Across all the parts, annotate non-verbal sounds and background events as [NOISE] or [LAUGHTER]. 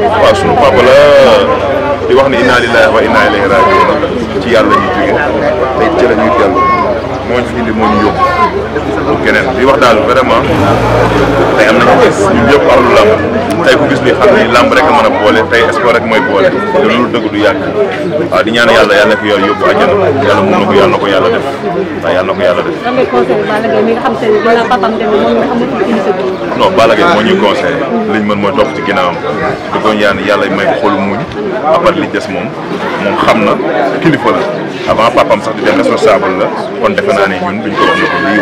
waaw sunu papa la di wax ni inna lillahi wa inna ilayhi raji'un ci yàlla ñuy jóge tey ci la ñuy dellu moo ñu indi moo ñu yóbbu pour keneen di wax daal vraiment tey am nañu gis ñun ñëpp am lu làmb tey ku gis li xam ni làmb rek a mën a boole tey espoir rek mooy boole te loolu dëgg du yàgg waaw di ñaan yàlla yàlla na ko yor yóbbu àjjana yàlla yàlla na ko yàlla def waaw yàlla ko yàlla moo ñuy conseillé liñ mën mooy topp ci ginnaawam di ko ñaan yàlla may ko xolu muñ à part li des moom moom xam na kilifa la avant papaam sax di dem responsable la kon defe naa ne ñun duñ ko wax ne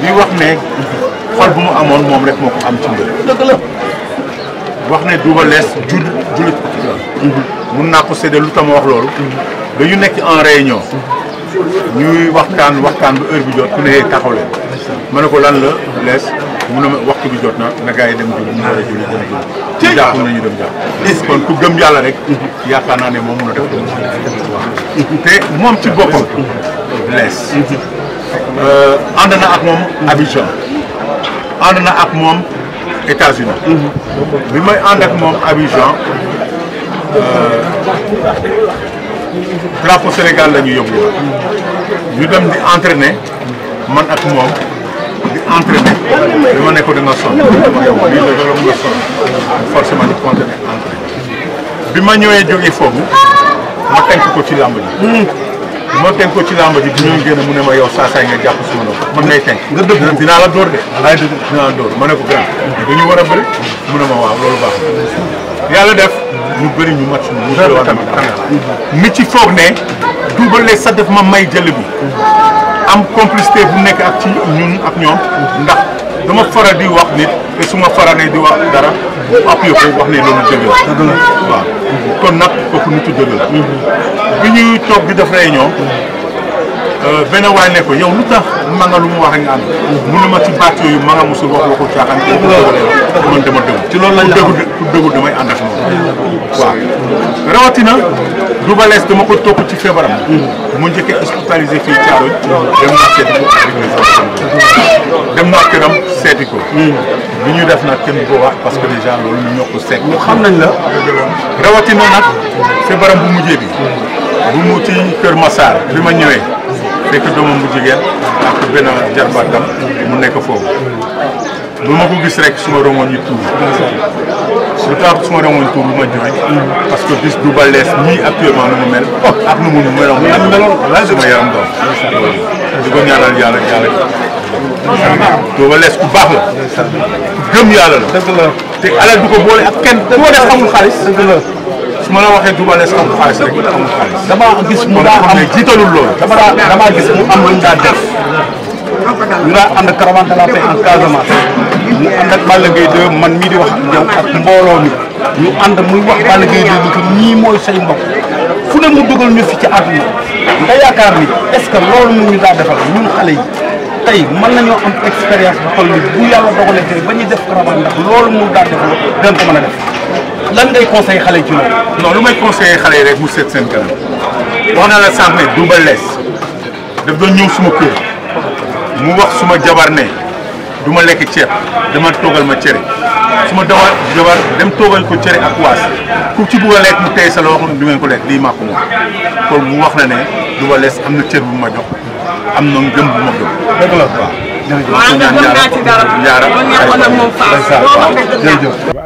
bi wax ne xol bu mu amoon moom rek moo ko am ci mbir. wax ne Double Less jul julit ko mun naa ko séddale lu tax ma wax loolu. dañu nekk en réunion. ñuy waxtaan waxtaan bu heure bi jot ku ne taxaw leen. ma ne ko lan la Less mu ne ma waxtu bi jot na na gars yi dem jul ñu a jul dem jul. ci jàpp nañu dem jàpp. kon ku gëm yàlla rek. yaakaar naa ne moom mun a def. [LAUGHS] te moom ci boppam. Less. Euh, ànd na ak moom Abidjan ànd na ak moom États-Unis bi may ànd ak moom Abidjan euh, drapeau Sénégal la ñu yóbbu dem di entraîner man ak moom di entraîner bi ma nekkoon da nga sonn dama yow lii la loolu nga sonn di continuer entraîner bi ma ñëwee jógee foofu ma tënk ko ci làmb ji moo ma tënk ko ci làmb ji génn mu ne ma yow saa saay nga jàpp si ma ko man ngay tënk. nga dëgg dinaa la dóor de. laay dëgg dinaa la dóor ma ne ko gën. dañu war a bëri mu ne ma waaw loolu baax yàlla def ñu bëri ñu mat suñu. ñu bëri tamit mi ci foog ne. Double Less sa def ma may jël bi. am complicité bu nekk ak ci ñun ak ñoom. ndax dama faral di wax nit. te su ma faralee di wax dara bu appuyé ko wax ne loolu dëgg la. kon nag kooku nitu dëgg la. bi ñuy toog di def réunion. Euh, benn waay ne ko yow lu tax ma nga lu mu wax rek nga ànd. mun na ma ci baat yooyu ma nga musul wax waxu caaxaan. loolu la man dama dëgg. ci loolu lañ la xam ku dëggu damay ànd ak moom rawatina Double Less dama ko topp ci feebaram. mu njëkkee hospitalisé fii Thiaroye. dem naa seeti ko dem naa këram seeti ko. li ñu def nag kenn ko wax parce que déjà loolu ñu ñoo ko seet. ñu xam nañ la. rawatina nag feebaram bu mujjee bi. bu mu ci Kër Massar bi ma ñëwee. fekk doomam bu jigéen ak benn jarbaatam mu nekk foofu. bu ma ko gis rek suma rongoon yi tuur. lu tax suma un tour de joy parce que bis Dubaï balès ni actuellement nous mu mel ak nu mu mel ak meloon la je ma yaram doon di ko ñaanal yàlla yàlla do balès ku baax la gëm yàlla la dëgg la te alal du ko boole ak kenn koo def amul xaalis dëgg la su ma la waxee du balès amul xaalis rek amul xaalis dama gis mu daa am jiitalul loolu dama dama gis mu am lu mu daa def ñu daa ànd caravane de la paix en Casamance mu ànd ak Balla Gaye 2 man mii di wax ak ak mbooloo mi ñu ànd muy wax Balla Gaye 2 bi que ñii mooy say mbokk fu ne mu dugal ci àdduna nga yaakaar ni est-ce que loolu mu daa defal ñun xale tey mën am expérience bu toll ni bu yàlla dogalee ba ñuy def caravane mu daa defal dañ a def lan ngay conseillé xale yi ci loolu. non lu may conseillé xale yi rek mu seet na la sànq ne Double Less daf doon ñëw suma kër mu wax suma jabar ne. duma lek ciép dama togal ma céré suma dawa dawal dem togal ko céré ak waas ku ci bëgg lek mu tey sa lo xam du ngeen ko lek li ma ko ko mu wax la né duma les amna cër bu ma jox amna ngeum bu ma jox deug la ba waa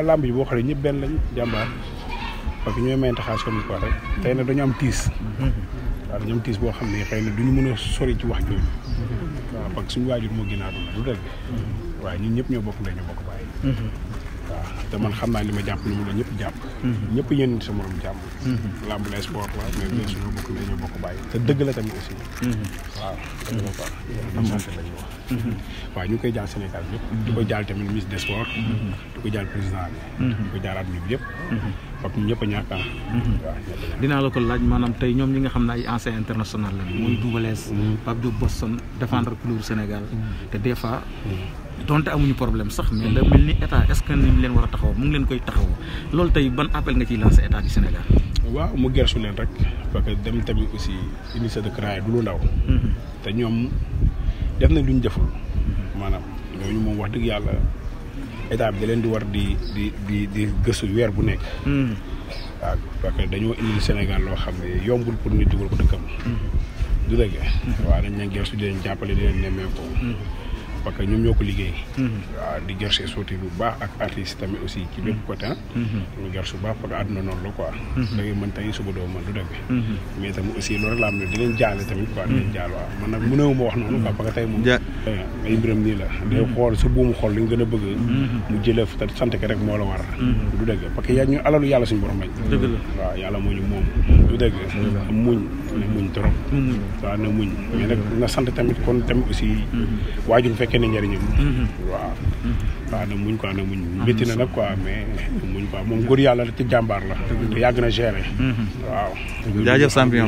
lamb yi boo xoolee ñëpp benn lañ jàmbaar parce que ñooy mayante xaalis comme ko Jangan-jangan na dañu am tiis mhm. waaw dañu am tiis boo xam ne xëy waaw parce que suñu waajur moo génn àdduna du dëgg waaye ñun ñëpp ñoo bokk ndey ñoo bokk bàyyi waaw man xam naa li ma la ñëpp jàpp ñëpp yéen sa morom jàmm làmb la sport la mais bien sûr ñoo bokk ndey ñoo te dëgg la tamit aussi am lañu wax ñu koy jaal ko jaal tamit des ko jaal ko foofu ñëpp a ñàkk ah. dinaa la ko laaj maanaam tey ñoom ñi nga xam ne ay anciens international lañu. Mhm. muy Double Less. Mhm. Pape Diop Boston défendre couleur Sénégal. te des fois. donte amuñu problème sax mais la mel ni état est que ni mu leen war a taxaw mu ngi leen koy taxawoo loolu tey ban appel nga ciy lancer état du Sénégal. waaw mu gersu leen rek parce que dem tamit aussi initié de CRA du lu ndaw. te ñoom def nañ luñ deful. maanaam ñooñu moom wax dëgg yàlla. état bi leen di war di di di di gëstu weer bu nekk. Hmm. waaw parce que dañoo indil Sénégal loo xam ne yombul pour nit dugal ko dëkkam. Hmm. du dëgg. Hmm. waaw dañ leen gëstu di leen jàppale di leen parce que ñoo ko liggéey. Mhm. waaw di jar sotti bu baax ak artiste tamit aussi ci bépp côté. Ah. Mhm. noonu la quoi. da ngay mën suba doo mën du dëgg. Mhm. ma wax noonu quoi parce que tey moom. ay mbiram nii la. day xool su buum xool li nga gën a bëgg. mu jëlee fa te sant ko rek moo la war. du dëgg parce que yaa ñu alalu yàlla suñu borom lañ. dëgg la waaw yàlla moo ñu moom du dëgg muñ. na muñ trop. Mm-hmm. waaw na muñ. mais nag na sant tamit kon tamit aussi. Mm-hmm. waajur fekkee ne njëriñam. Mm-hmm. waaw. waaw na muñ quoi na muñ. métti na nag quoi mais muñ quoi moom góor yàlla la te jàmbaar la. te yàgg na gérer. waaw. jaajëf champion.